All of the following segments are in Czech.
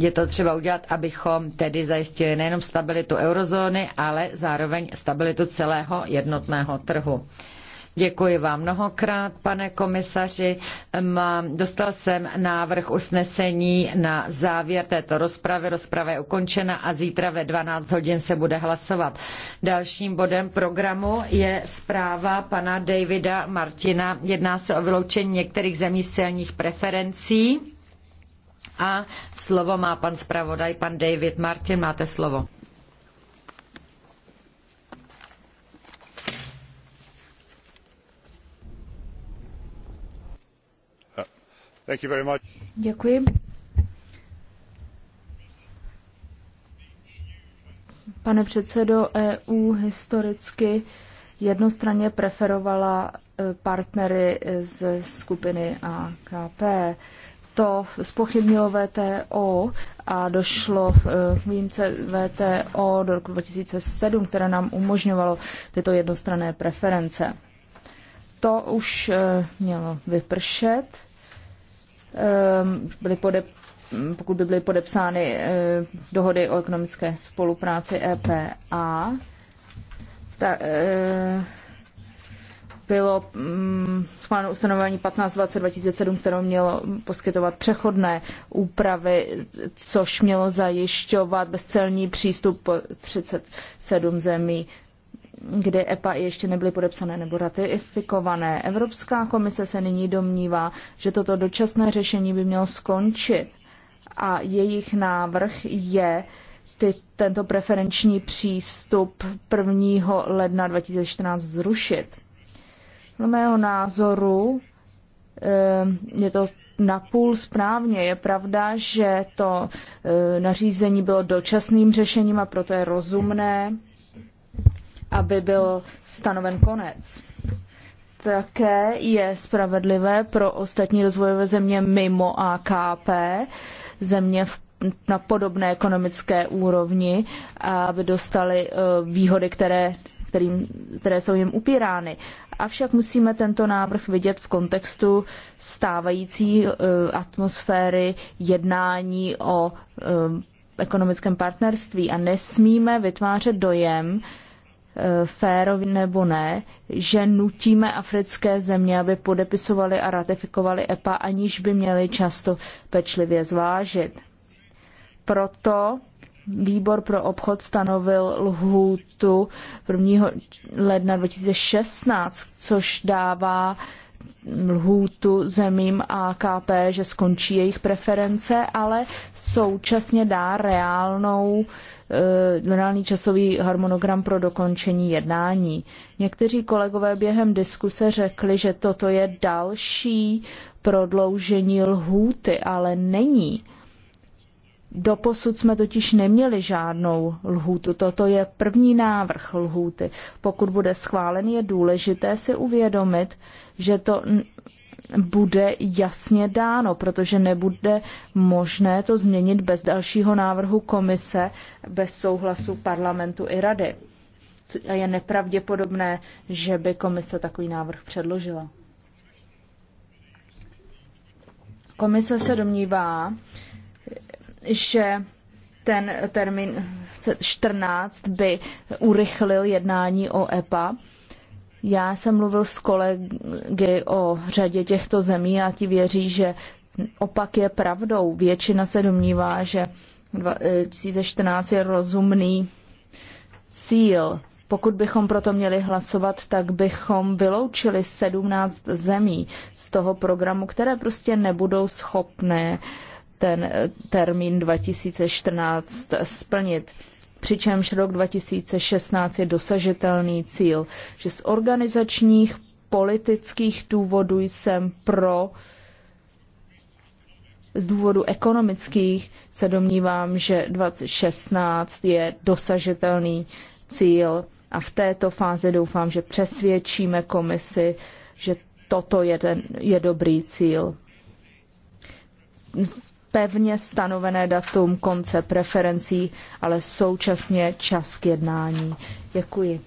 je to třeba udělat, abychom tedy zajistili nejenom stabilitu eurozóny, ale zároveň stabilitu celého jednotného trhu. Děkuji vám mnohokrát, pane komisaři. dostal jsem návrh usnesení na závěr této rozpravy. Rozprava je ukončena a zítra ve 12 hodin se bude hlasovat. Dalším bodem programu je zpráva pana Davida Martina. Jedná se o vyloučení některých zemí silních preferencí. A slovo má pan zpravodaj, pan David Martin, máte slovo. Thank you very much. Děkuji. Pane předsedo, EU historicky jednostranně preferovala e, partnery e, ze skupiny AKP to spochybnilo VTO a došlo k eh, výjimce VTO do roku 2007, které nám umožňovalo tyto jednostranné preference. To už eh, mělo vypršet. Eh, byly podep- pokud by byly podepsány dohody o ekonomické spolupráci EPA, tak bylo mm, schváleno ustanovení 15.20.2007, které mělo poskytovat přechodné úpravy, což mělo zajišťovat bezcelní přístup po 37 zemí kde EPA ještě nebyly podepsané nebo ratifikované. Evropská komise se nyní domnívá, že toto dočasné řešení by mělo skončit a jejich návrh je ty, tento preferenční přístup 1. ledna 2014 zrušit. Podle mého názoru eh, je to napůl správně. Je pravda, že to eh, nařízení bylo dočasným řešením a proto je rozumné, aby byl stanoven konec. Také je spravedlivé pro ostatní rozvojové země mimo AKP, země v na podobné ekonomické úrovni, aby dostali eh, výhody, které, kterým, které jsou jim upírány. Avšak musíme tento návrh vidět v kontextu stávající e, atmosféry jednání o e, ekonomickém partnerství a nesmíme vytvářet dojem, e, férový nebo ne, že nutíme africké země, aby podepisovali a ratifikovali EPA, aniž by měli často pečlivě zvážit. Proto výbor pro obchod stanovil lhůtu 1. ledna 2016, což dává lhůtu zemím AKP, že skončí jejich preference, ale současně dá reálnou, eh, reálný časový harmonogram pro dokončení jednání. Někteří kolegové během diskuse řekli, že toto je další prodloužení lhůty, ale není Doposud jsme totiž neměli žádnou lhůtu. Toto je první návrh lhůty. Pokud bude schválen, je důležité si uvědomit, že to bude jasně dáno, protože nebude možné to změnit bez dalšího návrhu komise, bez souhlasu parlamentu i rady. A je nepravděpodobné, že by komise takový návrh předložila. Komise se domnívá, že ten termín 14 by urychlil jednání o EPA. Já jsem mluvil s kolegy o řadě těchto zemí a ti věří, že opak je pravdou. Většina se domnívá, že 2014 eh, je rozumný cíl. Pokud bychom proto měli hlasovat, tak bychom vyloučili 17 zemí z toho programu, které prostě nebudou schopné uh, ten eh, termín 2014 splnit. Přičemž rok 2016 je dosažitelný cíl, že z organizačních politických důvodů jsem pro, z důvodu ekonomických se domnívám, že 2016 je dosažitelný cíl a v této fázi doufám, že přesvědčíme komisi, že toto je, ten, je dobrý cíl pevně stanovené datum konce preferencí, ale současně čas k jednání. Děkuji.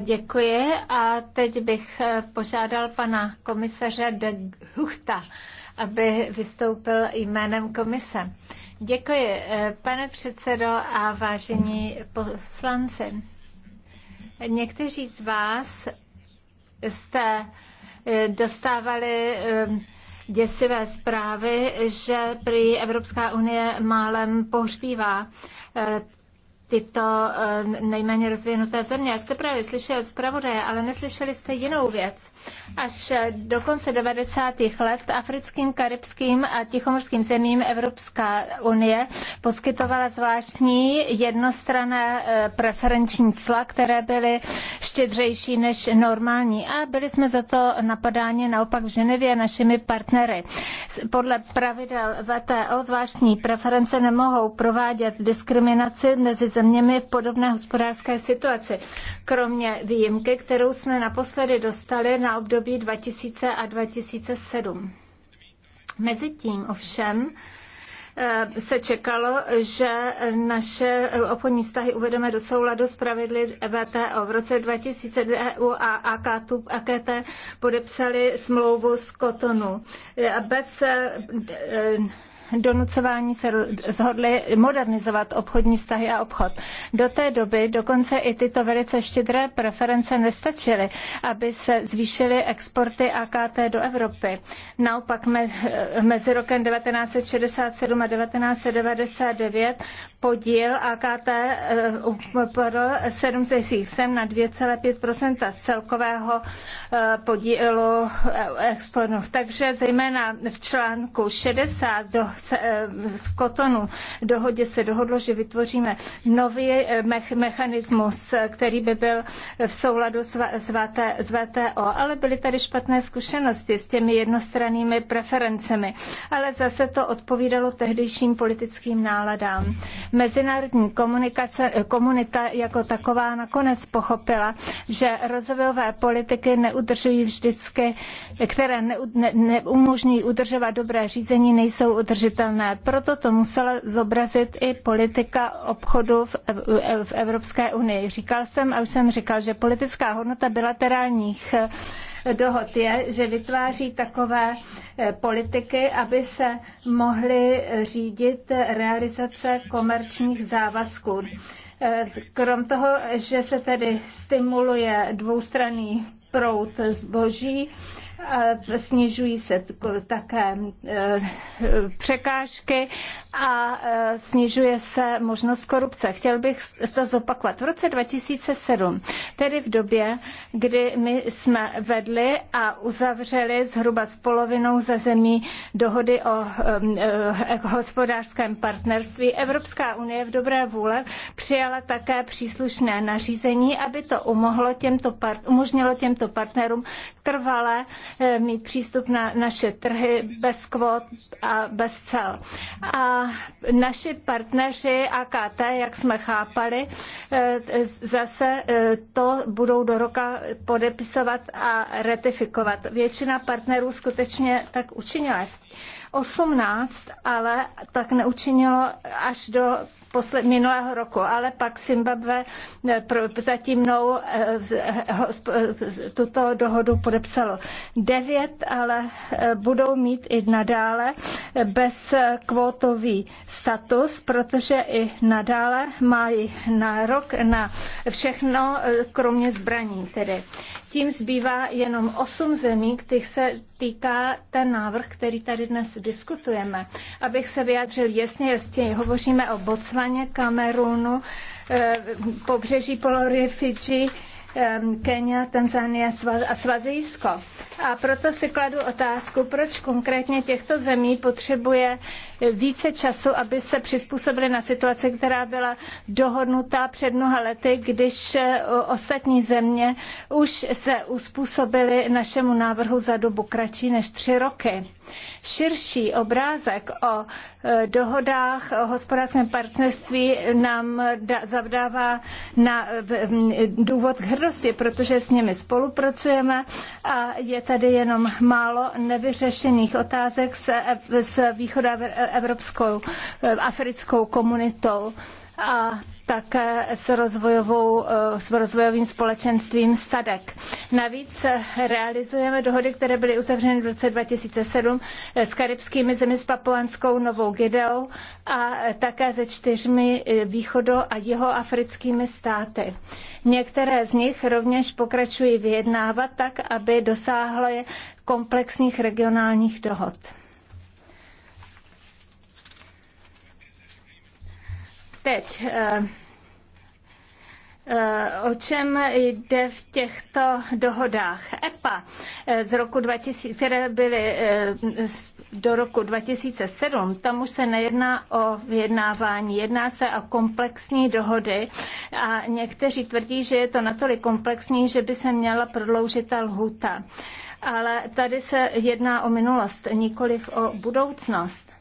Děkuji a teď bych eh, požádal pana komisaře de Huchta, aby vystoupil jménem komise. Děkuji, eh, pane předsedo a vážení poslanci. Někteří z vás jste eh, dostávali děsivé zprávy, že prý Evropská unie málem pohřbívá eh, tyto eh, nejméně rozvinuté země. Jak jste právě slyšel zpravodaje, ale neslyšeli jste jinou věc. Až do konce 90. let africkým, karibským a tichomorským zemím Evropská unie poskytovala zvláštní jednostranné eh, preferenční cla, které byly štědřejší než normální. A byli jsme za to napadáni naopak v Ženevě našimi partnery. Podle pravidel VTO zvláštní preference nemohou provádět diskriminaci mezi zeměmi zeměmi v podobné hospodářské situaci. Kromě výjimky, kterou jsme naposledy dostali na období 2000 a 2007. Mezitím ovšem eh, se čekalo, že naše obchodní vztahy uvedeme do souladu s pravidly e VTO. V roce 2002 EU a AKT podepsali smlouvu z Kotonu. Eh, bez eh, donucování se zhodli modernizovat obchodní vztahy a obchod. Do té doby dokonce i tyto velice štědré preference nestačily, aby se zvýšily exporty AKT do Evropy. Naopak mezi rokem 1967 a 1999 podíl AKT eh, upadl 77 na 2,5 z celkového eh, podílu eh, exportů. Takže zejména v článku 60 do z eh, Kotonu dohodě se dohodlo, že vytvoříme nový eh, mechanismus, eh, který by byl v souladu s VTO, ale byly tady špatné zkušenosti s těmi jednostrannými preferencemi. Ale zase to odpovídalo tehdejším politickým náladám. Mezinárodní komunikace, komunita jako taková nakonec pochopila, že rozvojové politiky neudržují vždycky, které neumožňují udržovat dobré řízení, nejsou udržitelné udržitelné. Proto to musela zobrazit i politika obchodu v Evropské unii. Říkal jsem a už jsem říkal, že politická hodnota bilaterálních eh, dohod je, že vytváří takové eh, politiky, aby se mohly řídit realizace komerčních závazků. Eh, krom toho, že se tedy stimuluje dvoustranný proud zboží, Eh, snižují se také eh, překážky a eh, snižuje se možnost korupce. Chtěl bych to zopakovat. V roce 2007, tedy v době, kdy my jsme vedli a uzavřeli zhruba s polovinou ze zemí dohody o hospodářském partnerství, Evropská unie v dobré vůle přijala také příslušné nařízení, aby to umohlo těmto part, umožnilo těmto partnerům trvalé Eh, mít přístup na naše trhy bez kvót a bez cel. A naši partneři AKT, jak jsme chápali, eh, zase eh, to budou do roka podepisovat a ratifikovat. Většina partnerů skutečně tak učinila. 18, ale tak neučinilo až do posled, minulého roku, ale pak Zimbabwe zatím mnou tuto dohodu podepsalo devět ale eh, budou mít i nadále bezkvótový status, protože i nadále mají nárok na všechno, eh, kromě zbraní tedy. Tím zbývá jenom osm zemí, kterých se týká ten návrh, který tady dnes diskutujeme. Abych se vyjádřil jasně, jasně hovoříme o Botswaně, Kamerunu, eh, pobřeží polory Fidži, Kenia, Tanzánie a Svazijsko. A proto si kladu otázku, proč konkrétně těchto zemí potřebuje více času, aby se přizpůsobili na situaci, která byla dohodnutá před mnoha lety, když e, ostatní země už se uspůsobily našemu návrhu za dobu kratší než tři roky. Širší obrázek o e, dohodách o hospodářském partnerství nám zavdává na důvod k starosti, protože s nimi spolupracujeme a je tady jenom málo nevyřešených otázek s, s východoevropskou eh, africkou komunitou a také s, rozvojovou, eh, s rozvojovým společenstvím SADEK. Navíc eh, realizujeme dohody, které byly uzavřeny v roce 2007 eh, s karibskými zemi, s Papuánskou Novou Gideou a také se čtyřmi východo- a jihoafrickými státy. Některé z nich rovněž pokračují vyjednávat tak, aby dosáhly komplexních regionálních dohod. Teď eh, eh, o čem jde v těchto dohodách. EPA eh, z roku 2000, které byly do roku 2007, tam už se nejedná o vyjednávání, jedná se o komplexní dohody a někteří tvrdí, že je to natolik komplexní, že by se měla prodloužit ta lhuta. Ale tady se jedná o minulost, nikoliv o budoucnost.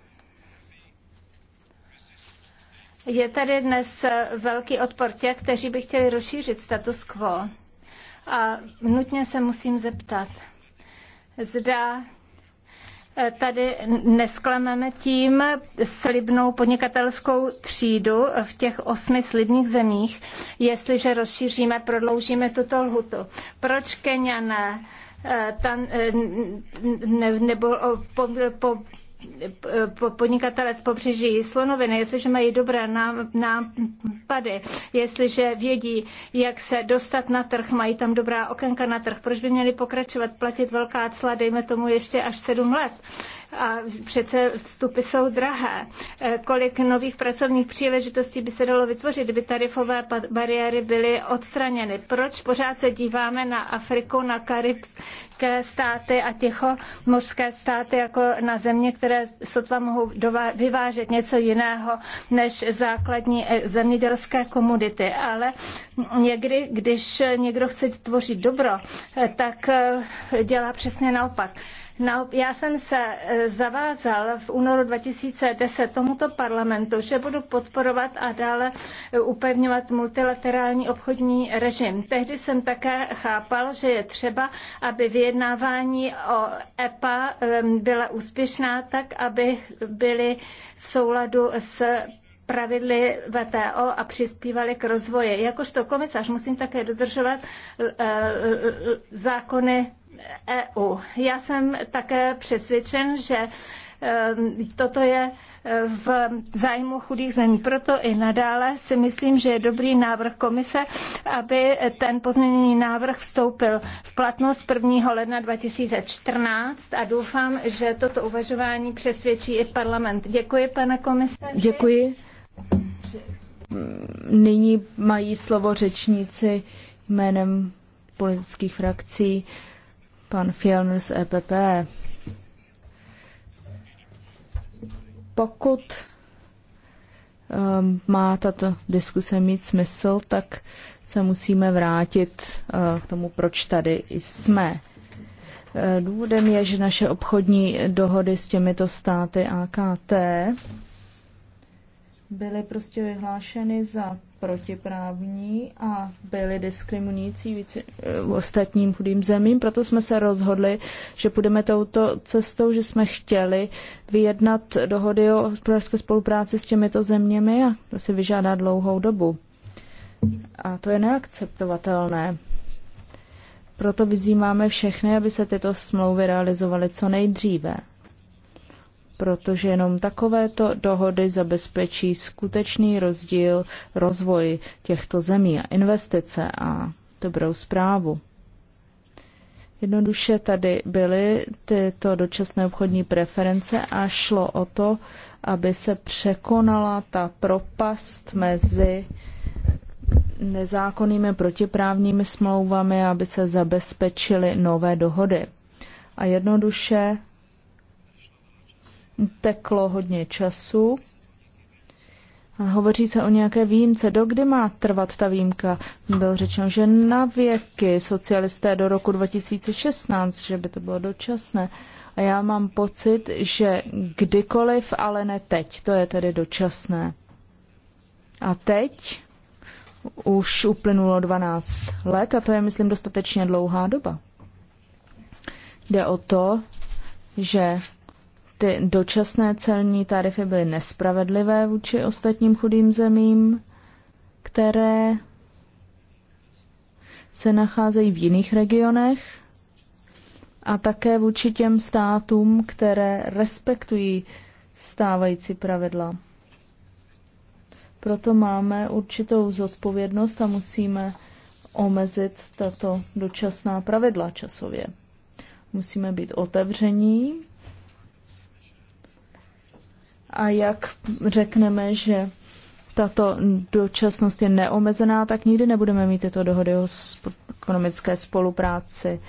Je tady dnes velký odpor těch, kteří by chtěli rozšířit status quo. A nutně se musím zeptat, zda eh, tady nesklameme tím slibnou podnikatelskou třídu v těch osmi slibných zemích, jestliže rozšíříme, prodloužíme tuto lhutu. Proč Keniané, eh, eh, ne, nebo po, po, podnikatele z pobřeží Slonoviny, jestliže mají dobré nápady, jestliže vědí, jak se dostat na trh, mají tam dobrá okénka na trh, proč by měli pokračovat platit velká cla, dejme tomu ještě až sedm let. A přece vstupy jsou drahé. E, kolik nových pracovních příležitostí by se dalo vytvořit, kdyby tarifové bariéry byly odstraněny? Proč pořád se díváme na Afriku, na karibské státy a mořské státy jako na země, které sotva mohou vyvážet něco jiného než základní e, zemědělské komodity? Ale někdy, když někdo chce tvořit dobro, e, tak dělá přesně naopak. Já jsem se e, zavázal v únoru 2010 tomuto parlamentu, že budu podporovat a dále e, upevňovat multilaterální obchodní režim. Tehdy jsem také chápal, že je třeba, aby vyjednávání o EPA e, byla úspěšná tak, aby byly v souladu s pravidly VTO a přispívali k rozvoji. Jakožto komisař musím také dodržovat zákony EU. Já jsem také přesvědčen, že e, toto je e, v zájmu chudých zemí. Proto i nadále si myslím, že je dobrý návrh komise, aby ten pozměněný návrh vstoupil v platnost 1. ledna 2014 a doufám, že toto uvažování přesvědčí i parlament. Děkuji, pane komisaři. Děkuji. Nyní mají slovo řečníci jménem politických frakcí. Pan Fielner z EPP. Pokud um, má tato diskuse mít smysl, tak se musíme vrátit uh, k tomu, proč tady jsme. Uh, důvodem je, že naše obchodní dohody s těmito státy AKT byly prostě vyhlášeny za protiprávní a byly diskriminující v eh, ostatním chudým zemím. Proto jsme se rozhodli, že půjdeme touto cestou, že jsme chtěli vyjednat dohody o hospodářské spolupráci s těmito zeměmi a to si vyžádá dlouhou dobu. A to je neakceptovatelné. Proto vyzýváme všechny, aby se tyto smlouvy realizovaly co nejdříve protože jenom takovéto dohody zabezpečí skutečný rozdíl rozvoji těchto zemí a investice a dobrou zprávu. Jednoduše tady byly tyto dočasné obchodní preference a šlo o to, aby se překonala ta propast mezi nezákonnými protiprávními smlouvami, aby se zabezpečily nové dohody. A jednoduše teklo hodně času. Hovoří se o nějaké výjimce. Dokdy má trvat ta výjimka? Bylo řečeno, že na věky socialisté do roku 2016, že by to bylo dočasné. A já mám pocit, že kdykoliv, ale ne teď. To je tedy dočasné. A teď už uplynulo 12 let a to je, myslím, dostatečně dlouhá doba. Jde o to, že ty dočasné celní tarify byly nespravedlivé vůči ostatním chudým zemím, které se nacházejí v jiných regionech a také vůči těm státům, které respektují stávající pravidla. Proto máme určitou zodpovědnost a musíme omezit tato dočasná pravidla časově. Musíme být otevření a jak řekneme, že tato dočasnost je neomezená, tak nikdy nebudeme mít tyto dohody o ekonomické spolupráci,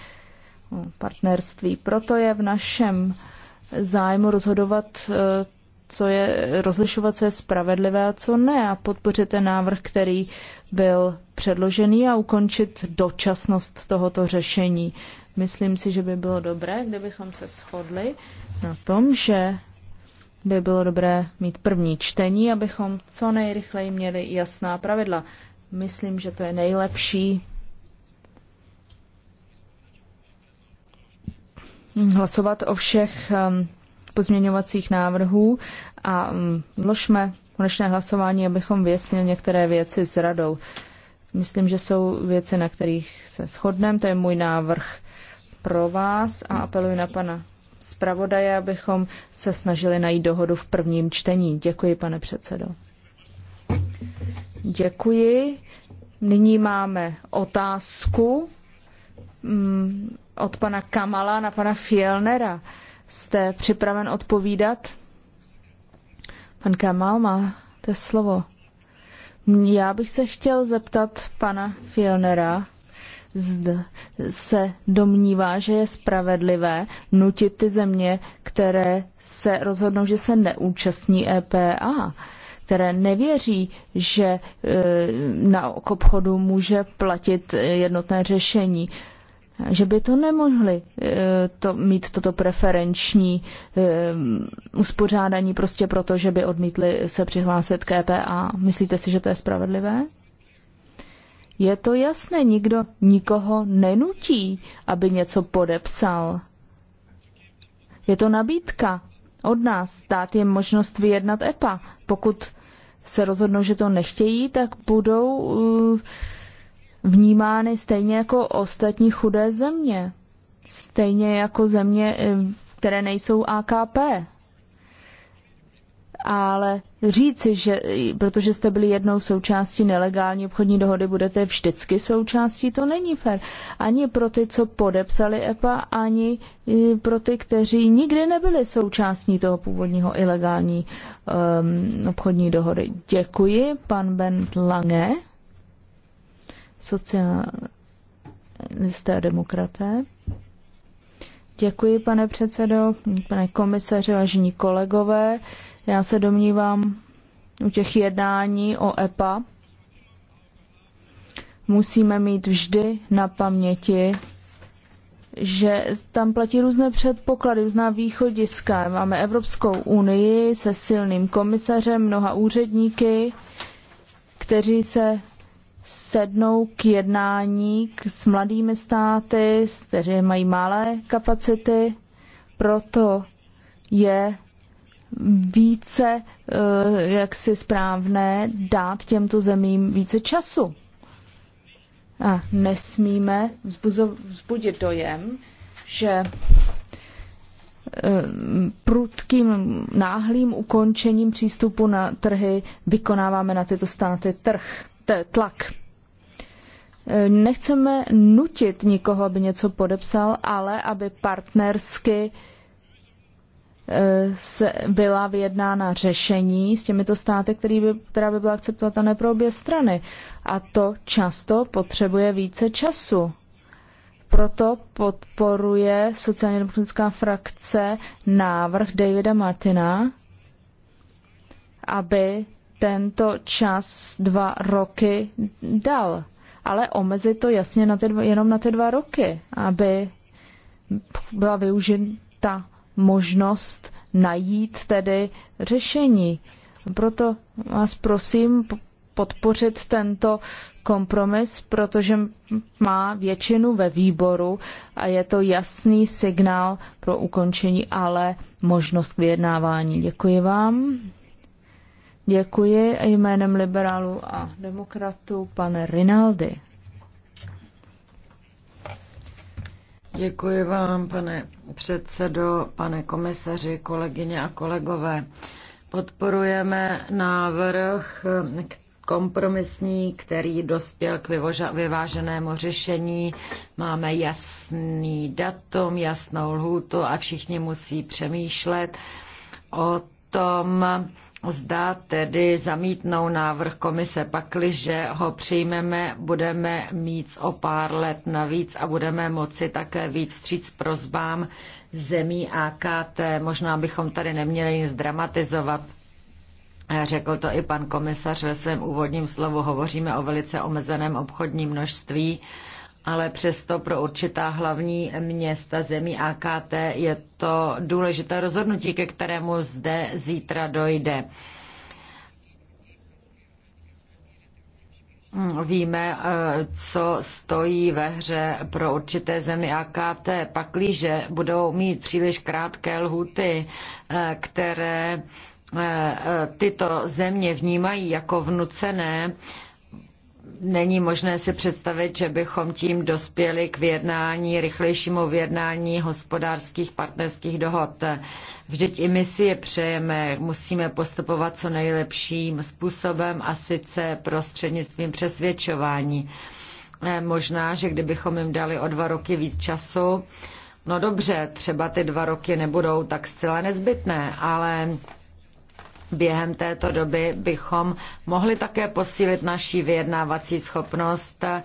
o partnerství. Proto je v našem zájmu rozhodovat, eh, co je, rozlišovat, co je spravedlivé a co ne a podpořit ten návrh, který byl předložený a ukončit dočasnost tohoto řešení. Myslím si, že by bylo dobré, kdybychom se shodli na tom, že by bylo dobré mít první čtení, abychom co nejrychleji měli jasná pravidla. Myslím, že to je nejlepší hlasovat o všech um, pozměňovacích návrhů a um, vložme konečné hlasování, abychom vyjasnili některé věci s radou. Myslím, že jsou věci, na kterých se shodneme. To je můj návrh pro vás a apeluji na pana zpravodaje, abychom se snažili najít dohodu v prvním čtení. Děkuji, pane předsedo. Děkuji. Nyní máme otázku mm, od pana Kamala na pana Fielnera. Jste připraven odpovídat? Pan Kamal, máte slovo. Já bych se chtěl zeptat pana Fielnera, zde se domnívá, že je spravedlivé nutit ty země, které se rozhodnou, že se neúčastní EPA, které nevěří, že e, na obchodu může platit jednotné řešení, že by to nemohli e, to, mít toto preferenční e, uspořádání prostě proto, že by odmítli se přihlásit k EPA. Myslíte si, že to je spravedlivé? Je to jasné, nikdo nikoho nenutí, aby něco podepsal. Je to nabídka od nás. Dát jim možnost vyjednat EPA. Pokud se rozhodnou, že to nechtějí, tak budou uh, vnímány stejně jako ostatní chudé země. Stejně jako země, uh, které nejsou AKP. Ale říci, že protože jste byli jednou součástí nelegální obchodní dohody, budete vždycky součástí, to není fér. Ani pro ty, co podepsali EPA, ani eh, pro ty, kteří nikdy nebyli součástí toho původního ilegální um, obchodní dohody. Děkuji, pan Bent Lange, socialisté a demokraté. Děkuji, pane předsedo, pane komisaři, vážení kolegové. Já se domnívám, u těch jednání o EPA musíme mít vždy na paměti, že tam platí různé předpoklady, různá východiska. Máme Evropskou unii se silným komisařem, mnoha úředníky, kteří se sednou k jednání k, s mladými státy, kteří mají malé kapacity, proto je více eh, jaksi správné dát těmto zemím více času. A nesmíme vzbudit dojem, že eh, prudkým náhlým ukončením přístupu na trhy vykonáváme na tyto státy trh, tlak. Eh, nechceme nutit nikoho, aby něco podepsal, ale aby partnersky Eh, byla vyjednána řešení s těmito státy, který by, která by byla akceptovatelná pro obě strany. A to často potřebuje více času. Proto podporuje sociálně demokratická frakce návrh Davida Martina, aby tento čas dva roky dal. Ale omezit to jasně na ty dva, jenom na ty dva roky, aby byla využita možnost najít tedy řešení. Proto vás prosím podpořit tento kompromis, protože má většinu ve výboru a je to jasný signál pro ukončení, ale možnost k vyjednávání. Děkuji vám. Děkuji jménem liberálu a demokratu pane Rinaldi. Děkuji vám, pane předsedo, pane komisaři, kolegyně a kolegové. Podporujeme návrh kompromisní, který dospěl k vyváženému řešení. Máme jasný datum, jasnou lhůtu a všichni musí přemýšlet o tom, zda tedy zamítnou návrh komise. Pakliže ho přijmeme, budeme mít o pár let navíc a budeme moci také víc vstříc prozbám zemí AKT. Možná bychom tady neměli nic dramatizovat. Řekl to i pan komisař ve svém úvodním slovu. Hovoříme o velice omezeném obchodním množství ale přesto pro určitá hlavní města zemí AKT je to důležité rozhodnutí, ke kterému zde zítra dojde. Víme, eh, co stojí ve hře pro určité zemi AKT. Pakliže budou mít příliš krátké lhuty, eh, které eh, tyto země vnímají jako vnucené, není možné si představit, že bychom tím dospěli k vyjednání, rychlejšímu vyjednání hospodářských partnerských dohod. Vždyť i my si je přejeme, musíme postupovat co nejlepším způsobem a sice prostřednictvím přesvědčování. Eh, možná, že kdybychom jim dali o dva roky víc času, no dobře, třeba ty dva roky nebudou tak zcela nezbytné, ale Během této doby bychom mohli také posílit naší vyjednávací schopnost eh,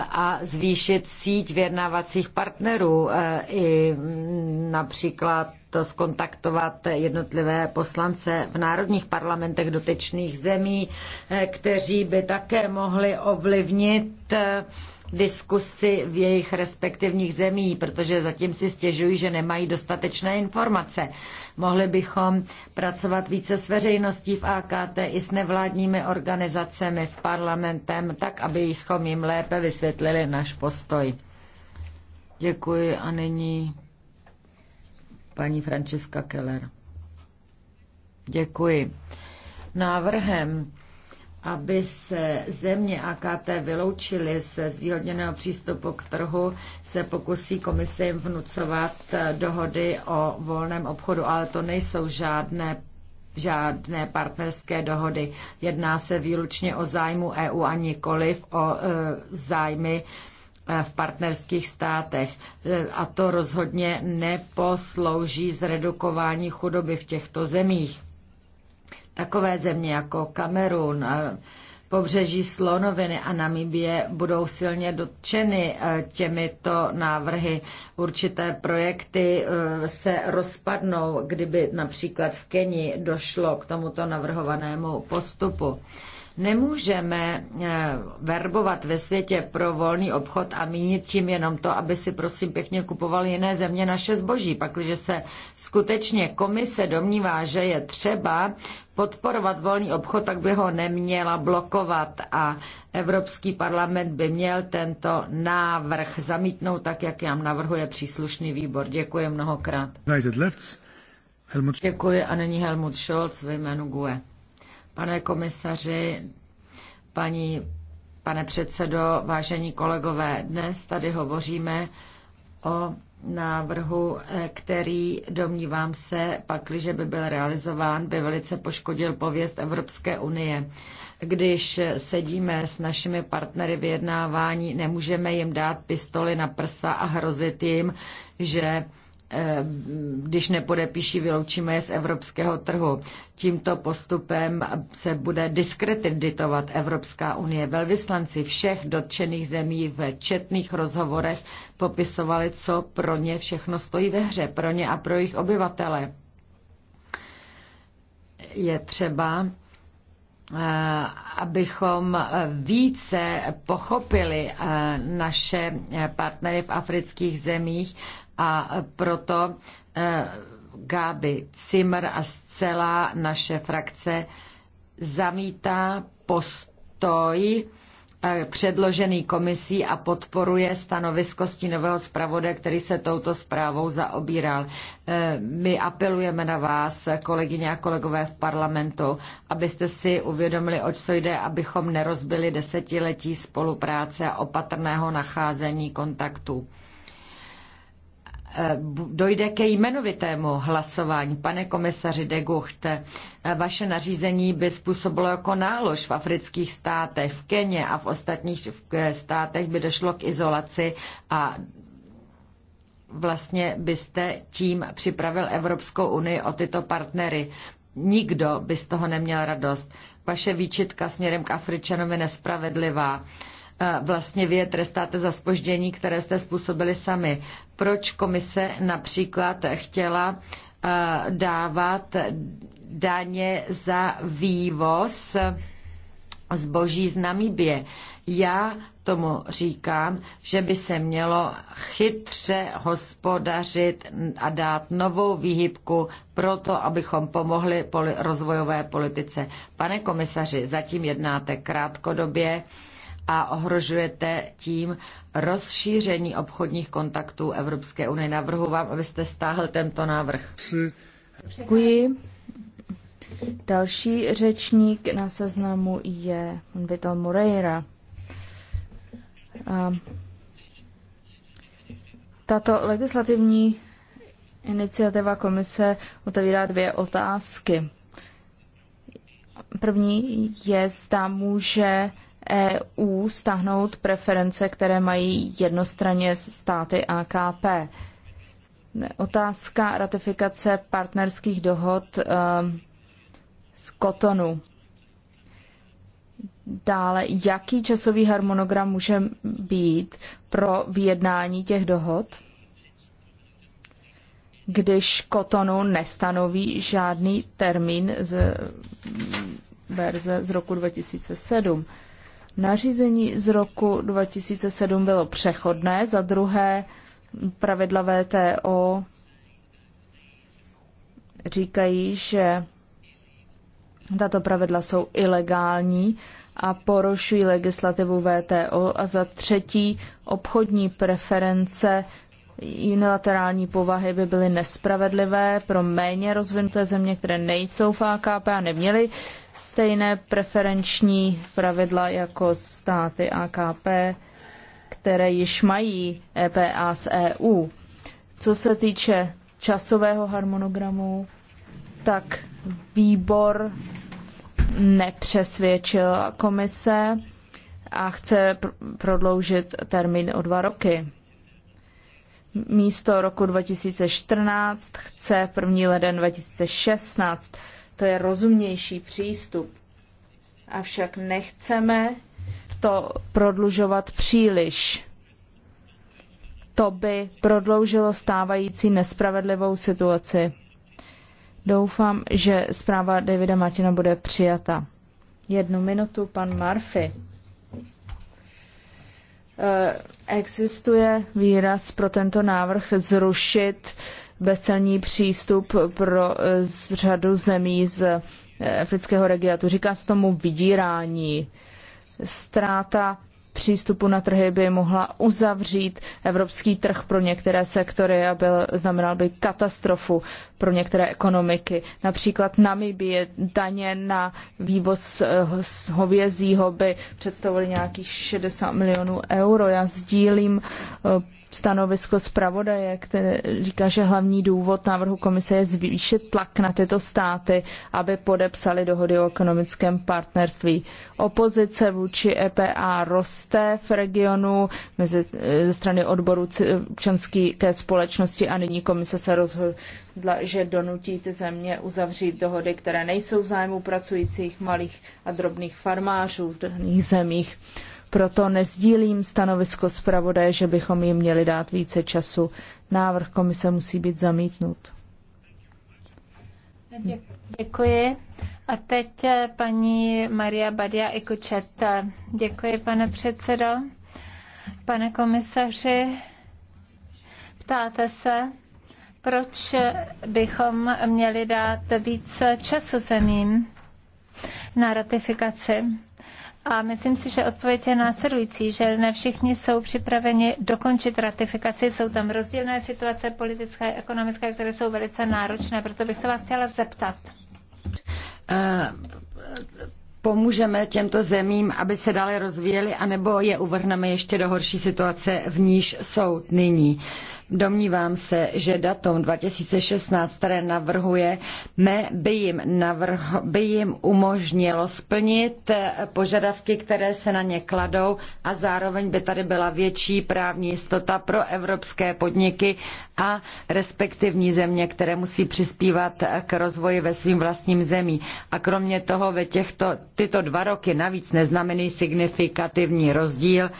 a zvýšit síť vyjednávacích partnerů eh, i mm, například to skontaktovat jednotlivé poslance v národních parlamentech dotyčných zemí, eh, kteří by také mohli ovlivnit diskusy v jejich respektivních zemí, protože zatím si stěžují, že nemají dostatečné informace. Mohli bychom pracovat více s veřejností v AKT i s nevládními organizacemi, s parlamentem, tak, aby jsme jim lépe vysvětlili náš postoj. Děkuji a nyní paní Francesca Keller. Děkuji. Návrhem aby se země AKT vyloučily ze zvýhodněného přístupu k trhu, se pokusí komise jim vnucovat eh, dohody o volném obchodu, ale to nejsou žádné žádné partnerské dohody. Jedná se výlučně o zájmu EU a nikoliv o e, zájmy eh, v partnerských státech. A to rozhodně neposlouží zredukování chudoby v těchto zemích. Takové země jako Kamerun, eh, pobřeží Slonoviny a Namibie budou silně dotčeny eh, těmito návrhy. Určité projekty eh, se rozpadnou, kdyby například v Keni došlo k tomuto navrhovanému postupu. Nemůžeme eh, verbovat ve světě pro volný obchod a mínit tím jenom to, aby si prosím pěkně kupovali jiné země naše zboží. Pakliže se skutečně komise domnívá, že je třeba podporovat volný obchod, tak by ho neměla blokovat a Evropský parlament by měl tento návrh zamítnout, tak jak nám navrhuje příslušný výbor. Děkuji mnohokrát. Helmut... Děkuji a není Helmut Scholz ve jménu GUE. Pane komisaři, paní, pane předsedo, vážení kolegové, dnes tady hovoříme o návrhu, který, domnívám se, pakliže by byl realizován, by velice poškodil pověst Evropské unie. Když sedíme s našimi partnery vyjednávání, nemůžeme jim dát pistoli na prsa a hrozit jim, že když nepodepíší, vyloučíme je z evropského trhu. Tímto postupem se bude diskreditovat Evropská unie. Velvyslanci všech dotčených zemí v četných rozhovorech popisovali, co pro ně všechno stojí ve hře, pro ně a pro jejich obyvatele. Je třeba Eh, abychom eh, více pochopili eh, naše partnery v afrických zemích a proto Gáby Cimr a zcela naše frakce zamítá postoj Eh, předložený komisí a podporuje stanovisko stínového zpravodaje, který se touto zprávou zaobíral. Eh, my apelujeme na vás, kolegyně a kolegové v parlamentu, abyste si uvědomili, oč co jde, abychom nerozbili desetiletí spolupráce a opatrného nacházení kontaktů. Eh, dojde ke jmenovitému hlasování. Pane komisaři de Gucht, eh, vaše nařízení by způsobilo jako nálož v afrických státech, v Keně a v ostatních eh, státech by došlo k izolaci a vlastně byste tím připravil Evropskou unii o tyto partnery. Nikdo by z toho neměl radost. Vaše výčitka směrem k Afričanovi nespravedlivá. Uh, vlastně vy je trestáte za spoždění, které jste způsobili sami. Proč komise například chtěla dávat daně za vývoz zboží z Namíbie? Já tomu říkám, že by se mělo chytře hospodařit a dát novou výhybku pro to, abychom pomohli poli- rozvojové politice. Pane komisaři, zatím jednáte krátkodobě a ohrožujete tím rozšíření obchodních kontaktů Evropské unie. Navrhu vám, abyste stáhl tento návrh. Děkuji. Další řečník na seznamu je Vital Moreira. tato legislativní iniciativa komise otevírá dvě otázky. První je, zda může EU stáhnout preference, které mají jednostranně státy AKP. Otázka ratifikace partnerských dohod e, z Kotonu. Dále, jaký časový harmonogram může být pro vyjednání těch dohod, když Kotonu nestanoví žádný termín z verze z roku 2007? Nařízení z roku 2007 bylo přechodné, za druhé pravidla VTO říkají, že tato pravidla jsou ilegální a porušují legislativu VTO a za třetí obchodní preference unilaterální povahy by byly nespravedlivé pro méně rozvinuté země, které nejsou v AKP a neměly stejné preferenční pravidla jako státy AKP, které již mají EPA z EU. Co se týče časového harmonogramu, tak výbor nepřesvědčil komise a chce prodloužit termín o dva roky. Místo roku 2014 chce 1. leden 2016 to je rozumnější přístup. Avšak nechceme to prodlužovat příliš. To by prodloužilo stávající nespravedlivou situaci. Doufám, že zpráva Davida Martina bude přijata. Jednu minutu, pan Murphy. Eh, existuje výraz pro tento návrh zrušit bezcelní přístup pro eh, z řadu zemí z eh, afrického regionu. Říká se tomu vydírání. Ztráta přístupu na trhy by mohla uzavřít evropský trh pro některé sektory a byl, znamenal by katastrofu pro některé ekonomiky. Například Namibie daně na vývoz eh, hovězího by představovaly nějakých 60 milionů euro. Já sdílím stanovisko zpravodaje, které říká, že hlavní důvod návrhu komise je zvýšit tlak na tyto státy, aby podepsali dohody o ekonomickém partnerství. Opozice vůči EPA roste v regionu mezi, ze strany odboru občanské společnosti a nyní komise se rozhodla, že donutí ty země uzavřít dohody, které nejsou v zájmu pracujících malých a drobných farmářů v daných zemích. Proto nezdílím stanovisko zpravodaje, že bychom jim měli dát více času. Návrh komise musí být zamítnut. Děkuji. A teď eh, paní Maria Badia Ikučet. Děkuji, pane předsedo. Pane komisaři, ptáte se, proč bychom měli dát více času zemím na ratifikaci a myslím si, že odpověď je následující, že ne všichni jsou připraveni dokončit ratifikaci. Jsou tam rozdílné situace politické a ekonomické, které jsou velice náročné. Proto bych se vás chtěla zeptat. Eh, pomůžeme těmto zemím, aby se dále rozvíjely, anebo je uvrhneme ještě do horší situace, v níž jsou nyní. Domnívám se, že datum 2016, které navrhuje, ne, by, jim navrho, by jim umožnilo splnit eh, požadavky, které se na ně kladou a zároveň by tady byla větší právní jistota pro evropské podniky a respektivní země, které musí přispívat eh, k rozvoji ve svým vlastním zemí. A kromě toho ve těchto, tyto dva roky navíc neznamenají signifikativní rozdíl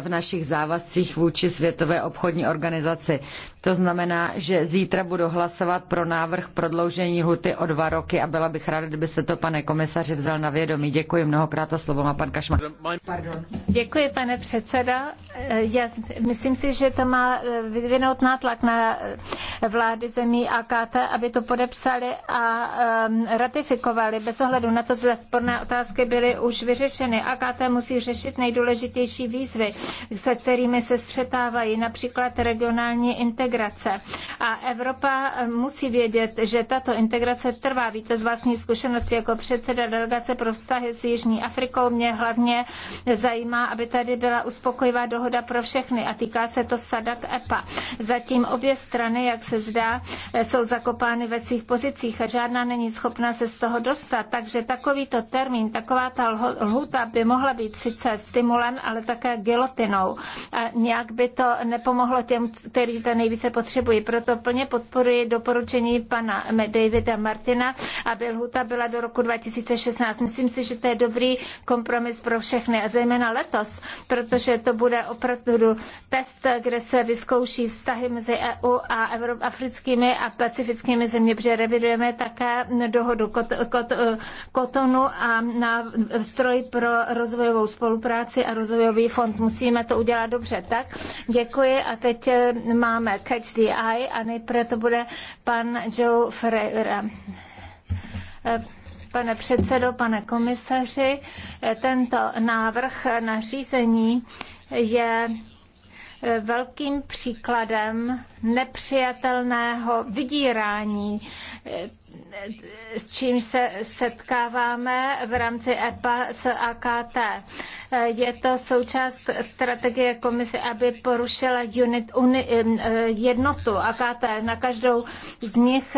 v našich závazcích vůči Světové obchodní organizaci. To znamená, že zítra budu hlasovat pro návrh prodloužení huty o dva roky a byla bych ráda, kdybyste to, pane komisaři, vzal na vědomí. Děkuji mnohokrát a slovo má pan Kašma. Pardon. Děkuji, pane předseda. Eh, já myslím si, že to má eh, vyvinout nátlak na eh, vlády zemí AKT, aby to podepsali a ehm, ratifikovali bez ohledu na to, zda sporné otázky byly už vyřešeny. AKT musí řešit nejdůležitější výzvy se kterými se střetávají, například regionální integrace. A Evropa musí vědět, že tato integrace trvá. Víte z vlastní zkušenosti jako předseda delegace pro vztahy s Jižní Afrikou mě hlavně zajímá, aby tady byla uspokojivá dohoda pro všechny a týká se to Sadat EPA. Zatím obě strany, jak se zdá, jsou zakopány ve svých pozicích a žádná není schopná se z toho dostat. Takže takovýto termín, taková ta lhuta by mohla být sice stimulem, ale také gilou gilotinou. A nějak by to nepomohlo těm, kteří to nejvíce potřebují. Proto plně podporuji doporučení pana Davida Martina, aby lhuta byla do roku 2016. Myslím si, že to je dobrý kompromis pro všechny a zejména letos, protože to bude opravdu test, kde se vyzkouší vztahy mezi EU a africkými a pacifickými zeměmi, protože revidujeme také dohodu kot, kot, kotonu a na stroj pro rozvojovou spolupráci a rozvojový fond musíme to udělat dobře. Tak, děkuji a teď eh, máme Catch the Eye a nejprve to bude pan Joe Ferreira. Eh, pane předsedo, pane komisaři, eh, tento návrh na řízení je velkým příkladem nepřijatelného vydírání s čím se setkáváme v rámci EPA s AKT. Je to součást strategie komise, aby porušila unit, uni, jednotu AKT. Na každou z nich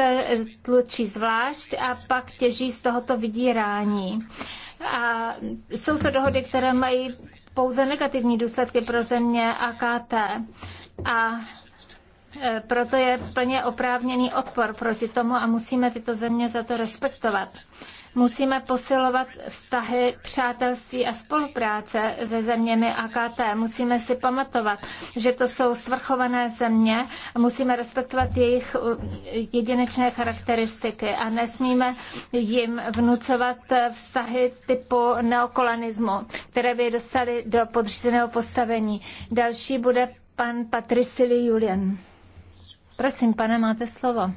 tlučí zvlášť a pak těží z tohoto vydírání. A jsou to dohody, které mají pouze negativní důsledky pro země AKT. A E, proto je plně oprávněný odpor proti tomu a musíme tyto země za to respektovat. Musíme posilovat vztahy přátelství a spolupráce se zeměmi AKT. Musíme si pamatovat, že to jsou svrchované země a musíme respektovat jejich jedinečné charakteristiky a nesmíme jim vnucovat vztahy typu neokolonismu, které by dostali do podřízeného postavení. Další bude pan Patricili Julian. Prosím, pane, máte slovo.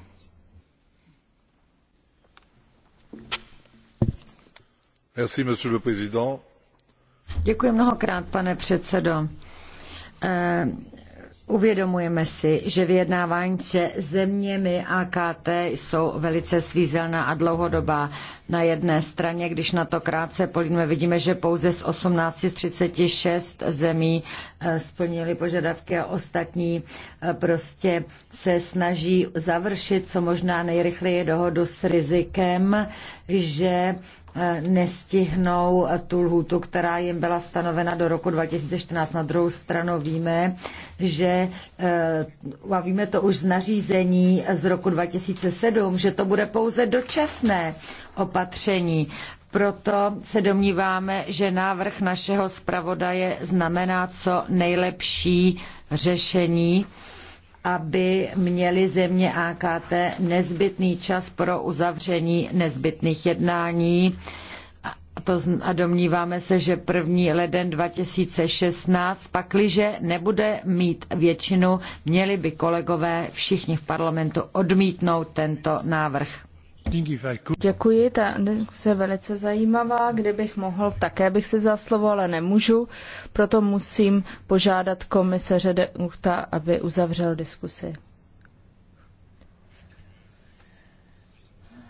Merci, monsieur le président. Děkuji mnohokrát, pane předsedo. Eh, Uvědomujeme si, že vyjednávání se zeměmi AKT jsou velice svízelná a dlouhodobá. Na jedné straně, když na to krátce políme, vidíme, že pouze z 18 z 36 zemí eh, splnili požadavky a ostatní eh, prostě se snaží završit co možná nejrychleji dohodu s rizikem, že nestihnou tu lhůtu, která jim byla stanovena do roku 2014. Na druhou stranu víme, že eh, a víme to už z nařízení z roku 2007, že to bude pouze dočasné opatření. Proto se domníváme, že návrh našeho zpravodaje znamená co nejlepší řešení aby měly země AKT nezbytný čas pro uzavření nezbytných jednání. A, to, a domníváme se, že první leden 2016, pakliže nebude mít většinu, měli by kolegové všichni v parlamentu odmítnout tento návrh. Děkuji, ta se velice zajímavá. Kdybych mohl, také bych si vzal slovo, ale nemůžu. Proto musím požádat komisaře de Uchta, aby uzavřel diskusi.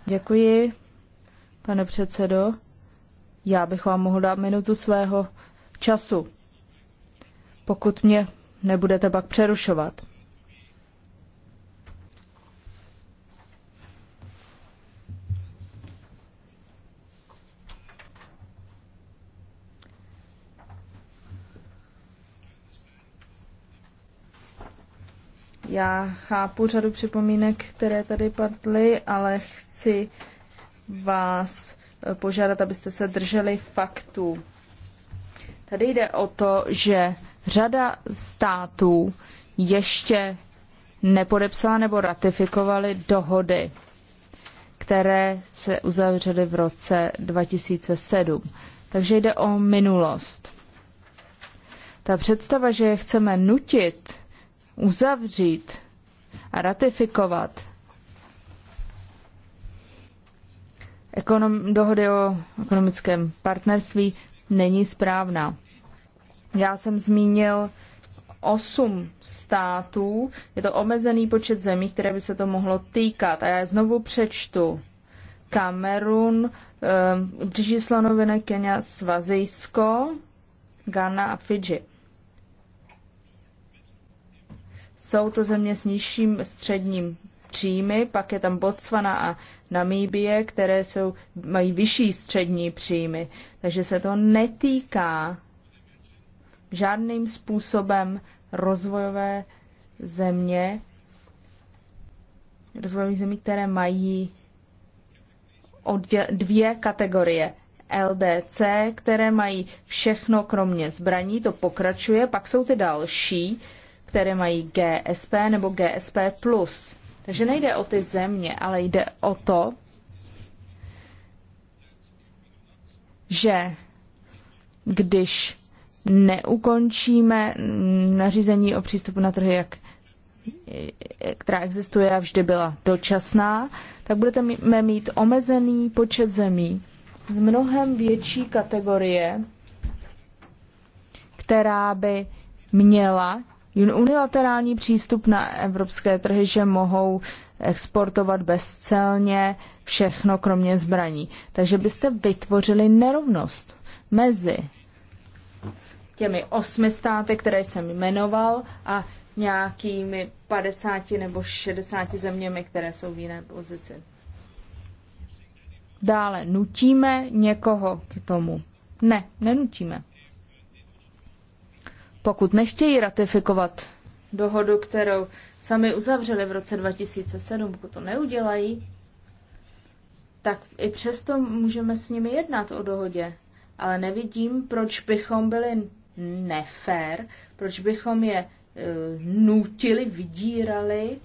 Děkuji, pane předsedo. Já bych vám mohl dát minutu svého času, pokud mě nebudete pak přerušovat. Já chápu řadu připomínek, které tady padly, ale chci vás eh, požádat, abyste se drželi faktů. Tady jde o to, že řada států ještě nepodepsala nebo ratifikovali dohody, které se uzavřely v roce 2007. Takže jde o minulost. Ta představa, že je chceme nutit uzavřít a ratifikovat ekonom, dohody o ekonomickém partnerství není správná. Já jsem zmínil osm států, je to omezený počet zemí, které by se to mohlo týkat. A já je znovu přečtu. Kamerun, eh, Břížislanovina, Břiži Slonoviny, Kenia, Svazijsko, Ghana a Fidži. Jsou to země s nižším středním příjmy, pak je tam Botswana a Namíbie, které jsou, mají vyšší střední příjmy. Takže se to netýká žádným způsobem rozvojové země, rozvojových zemí, které mají dvě kategorie. LDC, které mají všechno kromě zbraní, to pokračuje, pak jsou ty další, které mají GSP nebo GSP+. Takže nejde o ty země, ale jde o to, že když neukončíme nařízení o přístupu na trhy, jak, která existuje a vždy byla dočasná, tak budeme mít omezený počet zemí z mnohem větší kategorie, která by měla unilaterální přístup na evropské trhy, že mohou exportovat bezcelně všechno kromě zbraní. Takže byste vytvořili nerovnost mezi těmi osmi státy, které jsem jmenoval, a nějakými 50 nebo 60 zeměmi, které jsou v jiné pozici. Dále nutíme někoho k tomu. Ne, nenutíme pokud nechtějí ratifikovat dohodu, kterou sami uzavřeli v roce 2007, pokud to neudělají, tak i přesto můžeme s nimi jednat o dohodě. Ale nevidím, proč bychom byli nefér, proč bychom je e, nutili, vydírali,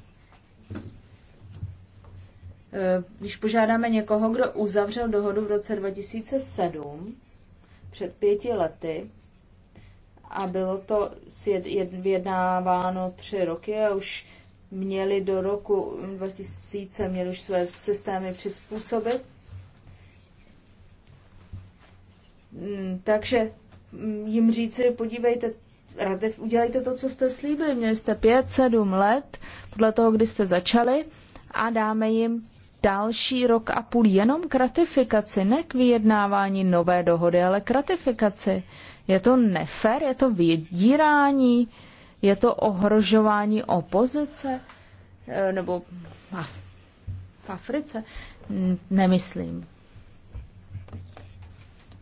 e, když požádáme někoho, kdo uzavřel dohodu v roce 2007, před pěti lety, a bylo to vyjednáváno tři roky a už měli do roku 2000, měli už své systémy přizpůsobit. Mm, takže mm, jim říci, podívejte, ratif, udělejte to, co jste slíbili. Měli jste 5-7 let podle toho, kdy jste začali a dáme jim další rok a půl jenom k ratifikaci, ne k vyjednávání nové dohody, ale k ratifikaci. Je to nefer, je to vydírání, je to ohrožování opozice eh, nebo v Africe? Nemyslím.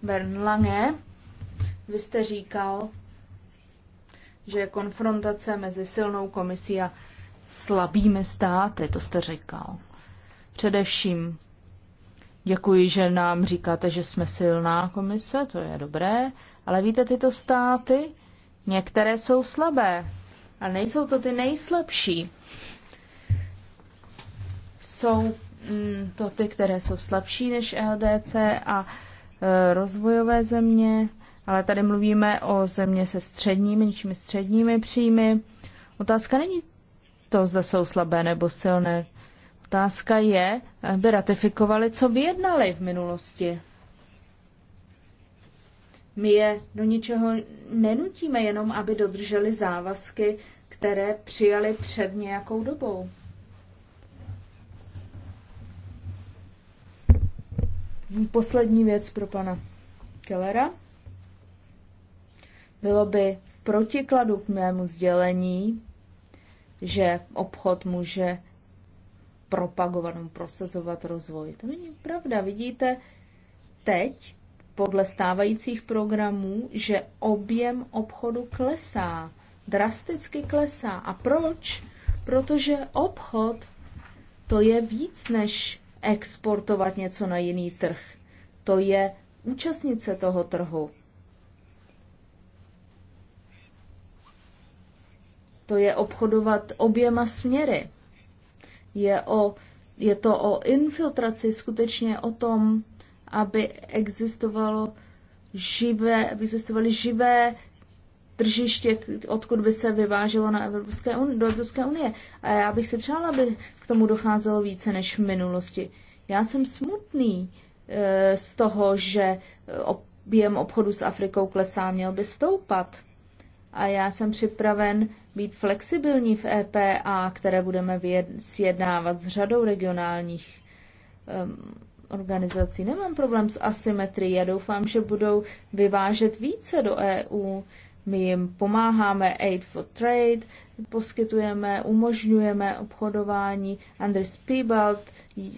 Bern Lange, vy jste říkal, že je konfrontace mezi silnou komisí a slabými státy, to jste říkal. Především děkuji, že nám říkáte, že jsme silná komise, to je dobré, ale víte, tyto státy, některé jsou slabé, ale nejsou to ty nejslabší. Jsou mm, to ty, které jsou slabší než LDC a e, rozvojové země, ale tady mluvíme o země se středními, ničími středními příjmy. Otázka není to, zda jsou slabé nebo silné. Otázka je, by ratifikovali, co vyjednali v minulosti. My je do ničeho nenutíme, jenom aby dodrželi závazky, které přijali před nějakou dobou. Poslední věc pro pana Kellera. Bylo by v protikladu k mému sdělení, že obchod může propagovat, prosazovat rozvoj. To není pravda. Vidíte teď, podle stávajících programů, že objem obchodu klesá, drasticky klesá. A proč? Protože obchod to je víc než exportovat něco na jiný trh. To je účastnice toho trhu. To je obchodovat oběma směry je, o, je to o infiltraci, skutečně o tom, aby existovalo živé, aby existovaly živé tržiště, odkud by se vyváželo na Evropské un, do Evropské unie. A já bych se přála, aby k tomu docházelo více než v minulosti. Já jsem smutný e, z toho, že objem obchodu s Afrikou klesá, měl by stoupat a já jsem připraven být flexibilní v EPA, které budeme sjednávat s řadou regionálních um, organizací. Nemám problém s asymetrií. Já doufám, že budou vyvážet více do EU. My jim pomáháme Aid for Trade, poskytujeme, umožňujeme obchodování. Andris Piebald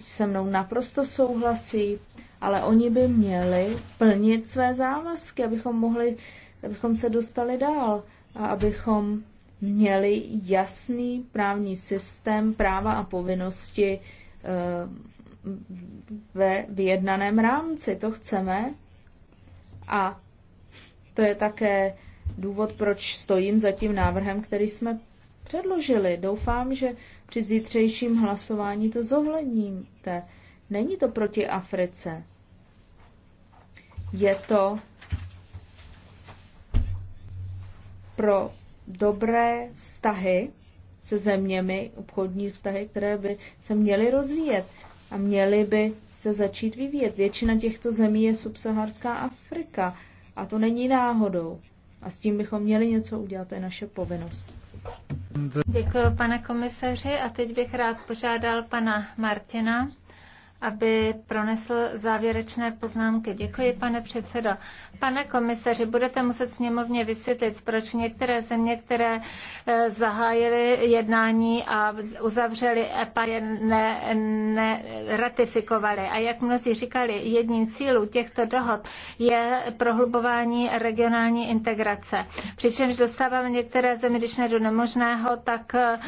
se mnou naprosto souhlasí, ale oni by měli plnit své závazky, abychom mohli abychom se dostali dál a abychom měli jasný právní systém práva a povinnosti eh, ve vyjednaném rámci. To chceme a to je také důvod, proč stojím za tím návrhem, který jsme předložili. Doufám, že při zítřejším hlasování to zohledníte. Není to proti Africe. Je to pro dobré vztahy se zeměmi, obchodní vztahy, které by se měly rozvíjet a měly by se začít vyvíjet. Většina těchto zemí je subsaharská Afrika a to není náhodou. A s tím bychom měli něco udělat, to je naše povinnost. Děkuji, pane komisaři, a teď bych rád požádal pana Martina aby pronesl závěrečné poznámky. Děkuji, pane předsedo. Pane komisaři, budete muset sněmovně vysvětlit, proč některé země, které eh, zahájily jednání a uzavřely EPA, je ne, ne ratifikovaly. A jak mnozí říkali, jedním cílů těchto dohod je prohlubování regionální integrace. Přičemž dostáváme některé země, když nejdu nemožného, tak eh,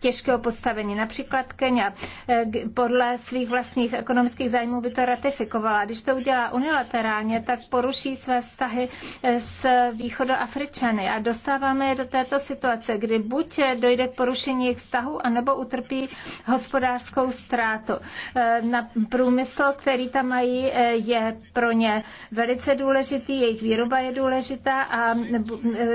těžkého postavení. Například Kenya eh, podle svých vlastních ekonomických zájmů by to ratifikovala. Když to udělá unilaterálně, tak poruší své vztahy eh, s východoafričany a dostáváme je do této situace, kdy buď eh, dojde k porušení jejich vztahu, anebo utrpí hospodářskou ztrátu. Na průmysl, který tam mají, je pro ně velice důležitý, jejich výroba je důležitá a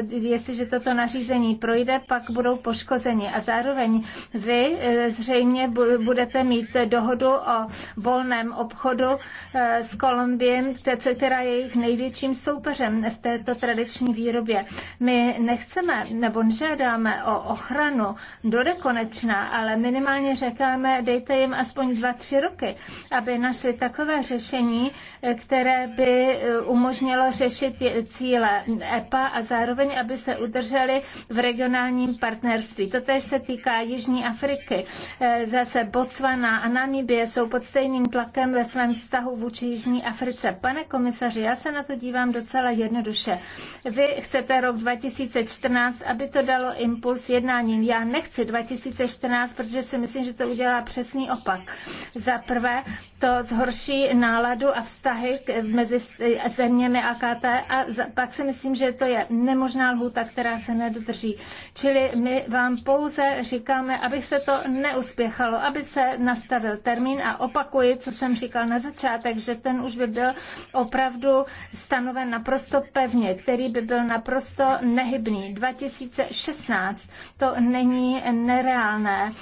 jestliže toto nařízení projde, pak budou poškozeni. A zároveň zároveň Vy eh, zřejmě budete mít dohodu o volném obchodu eh, s Kolumbiem, která je jejich největším soupeřem v této tradiční výrobě. My nechceme nebo žádáme o ochranu do nekonečna, ale minimálně řekáme, dejte jim aspoň dva, tři roky, aby našli takové řešení, eh, které by umožnilo řešit cíle EPA a zároveň, aby se udrželi v regionálním partnerství. To se týká Jižní Afriky. Eh, zase Botswana a Namibie jsou pod stejným tlakem ve svém vztahu vůči Jižní Africe. Pane komisaři, já se na to dívám docela jednoduše. Vy chcete rok 2014, aby to dalo impuls jednáním. Já nechci 2014, protože si myslím, že to udělá přesný opak. Za prvé, to zhorší náladu a vztahy mezi eh, zeměmi AKT a pak si myslím, že to je nemožná lhůta, která se nedodrží. Čili my vám pouze říkáme, říkáme, aby se to neuspěchalo, aby se nastavil termín a opakuji, co jsem říkal na začátek, že ten už by byl opravdu stanoven naprosto pevně, který by byl naprosto nehybný. 2016 to není nereálné.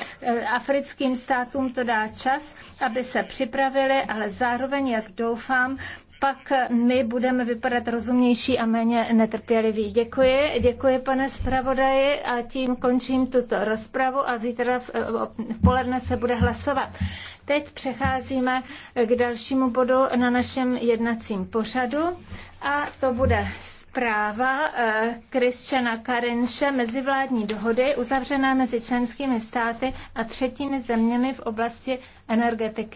Africkým státům to dá čas, aby se připravili, ale zároveň, jak doufám, pak my budeme vypadat rozumnější a méně netrpěliví. Děkuji, děkuji pane zpravodaji a tím končím tuto rozpravu a zítra v, v poledne se bude hlasovat. Teď přecházíme k dalšímu bodu na našem jednacím pořadu a to bude zpráva Kristiana eh, Karinše mezivládní dohody uzavřená mezi členskými státy a třetími zeměmi v oblasti energetiky.